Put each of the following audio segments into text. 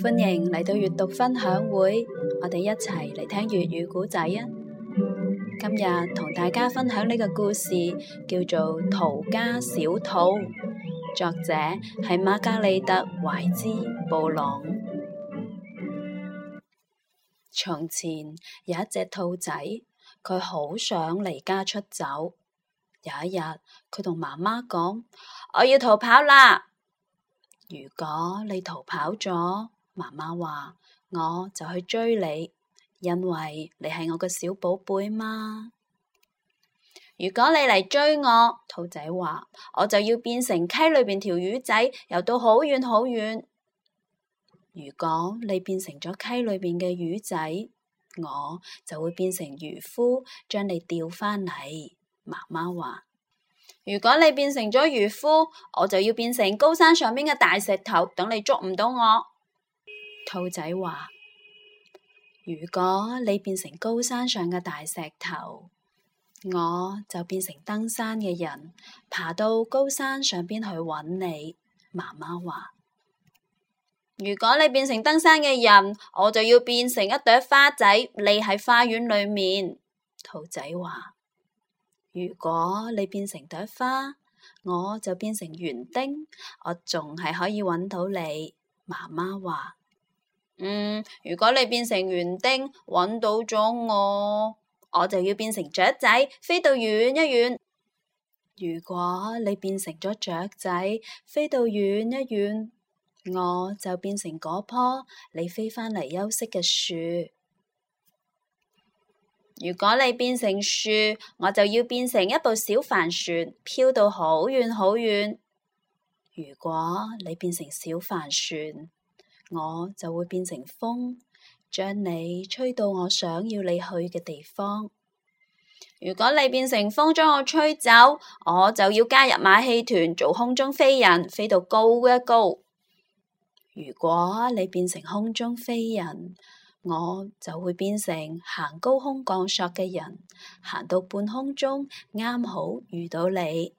歡迎嚟到閱讀分享會，我哋一齊嚟聽粵語古仔啊！今日同大家分享呢個故事，叫做《逃家小兔》，作者係瑪格麗特懷茲布朗。從前有一隻兔仔，佢好想離家出走。有一日，佢同媽媽講：我要逃跑啦！如果你逃跑咗，媽媽話，我就去追你，因為你係我嘅小寶貝嘛。如果你嚟追我，兔仔話，我就要變成溪裏邊條魚仔游，到好遠好遠。如果你變成咗溪裏邊嘅魚仔，我就會變成漁夫將你釣返嚟。媽媽話。如果你變成咗漁夫，我就要變成高山上邊嘅大石頭，等你捉唔到我。兔仔話：如果你變成高山上嘅大石頭，我就變成登山嘅人，爬到高山上邊去揾你。媽媽話：如果你變成登山嘅人，我就要變成一朵花仔，你喺花園裏面。兔仔話。如果你變成朵花，我就變成園丁，我仲係可以揾到你。媽媽話：嗯，如果你變成園丁，揾到咗我，我就要變成雀仔，飛到遠一遠。如果你變成咗雀仔，飛到遠一遠，我就變成嗰棵你飛返嚟休息嘅樹。如果你變成樹，我就要變成一部小帆船，飄到好遠好遠。如果你變成小帆船，我就會變成風將你吹到我想要你去嘅地方。如果你變成風將我吹走，我就要加入馬戲團，做空中飛人，飛到高一高。如果你變成空中飛人，我就會變成行高空降索嘅人，行到半空中啱好遇到你。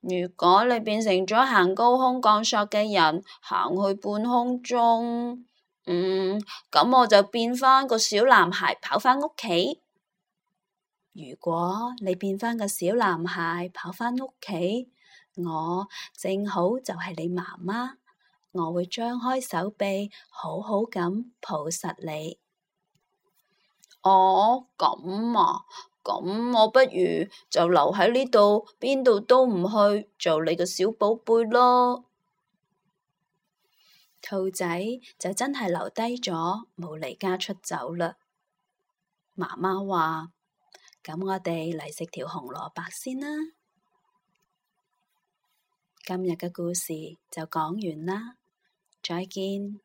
如果你變成咗行高空降索嘅人，行去半空中，嗯，咁我就變翻個小男孩跑翻屋企。如果你變翻個小男孩跑翻屋企，我正好就係你媽媽。我會張開手臂，好好咁抱實你。哦，咁啊，咁我不如就留喺呢度，邊度都唔去，做你嘅小寶貝咯。兔仔就真係留低咗，冇離家出走啦。媽媽話：咁我哋嚟食條紅蘿卜先啦。今日嘅故事就講完啦，再見。